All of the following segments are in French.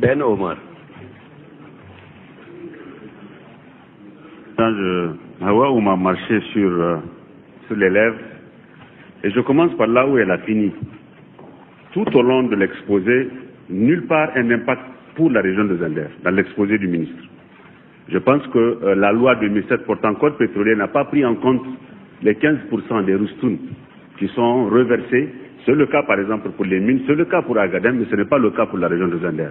Ben Omar. Quand je, marché euh, sur, les lèvres, et je commence par là où elle a fini. Tout au long de l'exposé, nulle part un impact pour la région de Zender, dans l'exposé du ministre. Je pense que euh, la loi 2007 portant code pétrolier n'a pas pris en compte les 15% des roustounes qui sont reversés. C'est le cas, par exemple, pour les mines, c'est le cas pour Agadem, mais ce n'est pas le cas pour la région de Zender.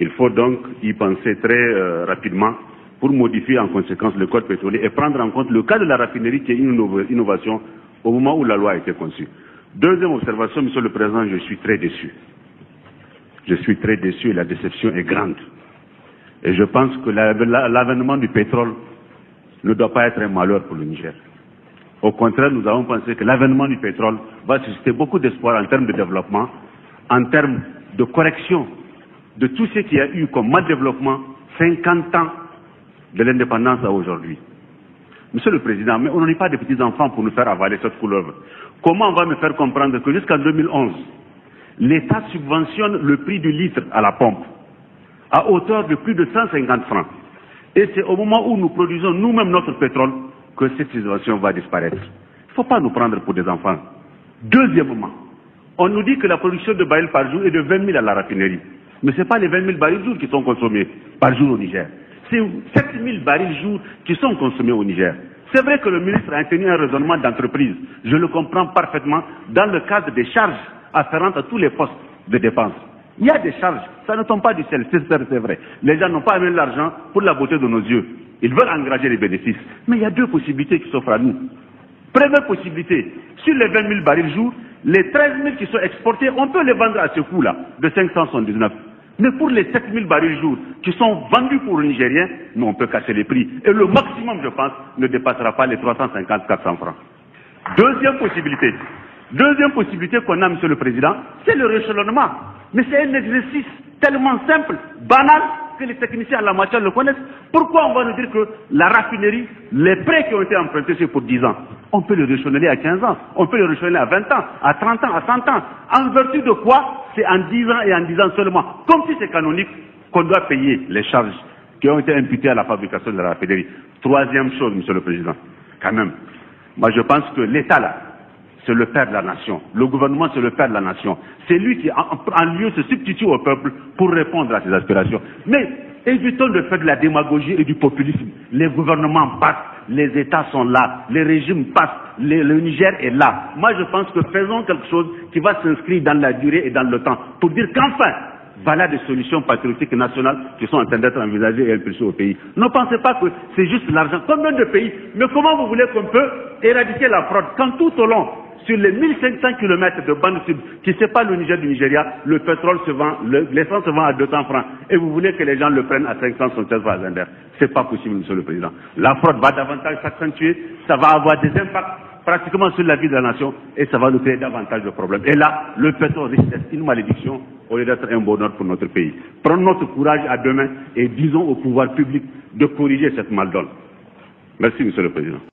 Il faut donc y penser très euh, rapidement pour modifier en conséquence le code pétrolier et prendre en compte le cas de la raffinerie qui est une innovation au moment où la loi a été conçue. Deuxième observation, Monsieur le Président, je suis très déçu. Je suis très déçu et la déception est grande. Et je pense que l'avènement du pétrole ne doit pas être un malheur pour le Niger. Au contraire, nous avons pensé que l'avènement du pétrole va susciter beaucoup d'espoir en termes de développement, en termes de correction de tout ce qui y a eu comme mal développement 50 ans de l'indépendance à aujourd'hui. Monsieur le Président, mais on n'est pas des petits-enfants pour nous faire avaler cette couleuvre. Comment on va me faire comprendre que jusqu'en 2011, l'État subventionne le prix du litre à la pompe à hauteur de plus de 150 francs Et c'est au moment où nous produisons nous-mêmes notre pétrole que cette situation va disparaître. Il ne faut pas nous prendre pour des enfants. Deuxièmement, on nous dit que la production de barils par jour est de 20 000 à la raffinerie. Mais ce n'est pas les 20 000 barils jour qui sont consommés par jour au Niger. C'est 7 000 barils jour qui sont consommés au Niger. C'est vrai que le ministre a tenu un raisonnement d'entreprise. Je le comprends parfaitement dans le cadre des charges afférentes à tous les postes de dépenses. Il y a des charges, ça ne tombe pas du ciel, c'est vrai. Les gens n'ont pas amené l'argent pour la beauté de nos yeux. Ils veulent engager les bénéfices. Mais il y a deux possibilités qui s'offrent à nous. Première possibilité, sur les 20 000 barils jour, les 13 000 qui sont exportés, on peut les vendre à ce coût-là, de 579. Mais pour les 7000 barils jour qui sont vendus pour le Nigériens, nous, on peut casser les prix. Et le maximum, je pense, ne dépassera pas les 350-400 francs. Deuxième possibilité. Deuxième possibilité qu'on a, Monsieur le Président, c'est le réchelonnement. Mais c'est un exercice tellement simple, banal, que les techniciens à la matière le connaissent. Pourquoi on va nous dire que la raffinerie, les prêts qui ont été empruntés, c'est pour 10 ans On peut le réchelonner à 15 ans, on peut le réchelonner à 20 ans, à 30 ans, à 100 ans. En vertu de quoi c'est en disant et en disant seulement, comme si c'est canonique, qu'on doit payer les charges qui ont été imputées à la fabrication de la raffinerie. Troisième chose, Monsieur le Président, quand même, moi je pense que l'État là, c'est le père de la nation. Le gouvernement, c'est le père de la nation. C'est lui qui, en, en, lieu, se substitue au peuple pour répondre à ses aspirations. Mais évitons de faire de la démagogie et du populisme. Les gouvernements battent les États sont là, les régimes passent, le Niger est là. Moi, je pense que faisons quelque chose qui va s'inscrire dans la durée et dans le temps pour dire qu'enfin, voilà des solutions patriotiques nationales qui sont en train d'être envisagées et impulsées au pays. Ne pensez pas que c'est juste l'argent. Combien de pays Mais comment vous voulez qu'on peut éradiquer la fraude quand tout au long sur les 1500 km de bande sud qui sépare le Niger du Nigeria, le pétrole se vend, l'essence se vend à 200 francs. Et vous voulez que les gens le prennent à 576 francs Ce n'est pas possible, Monsieur le Président. La fraude va davantage s'accentuer, ça va avoir des impacts pratiquement sur la vie de la nation et ça va nous créer davantage de problèmes. Et là, le pétrole risque d'être une malédiction au lieu d'être un bonheur pour notre pays. Prenons notre courage à demain et disons au pouvoir public de corriger cette maldonne. Merci, Monsieur le Président.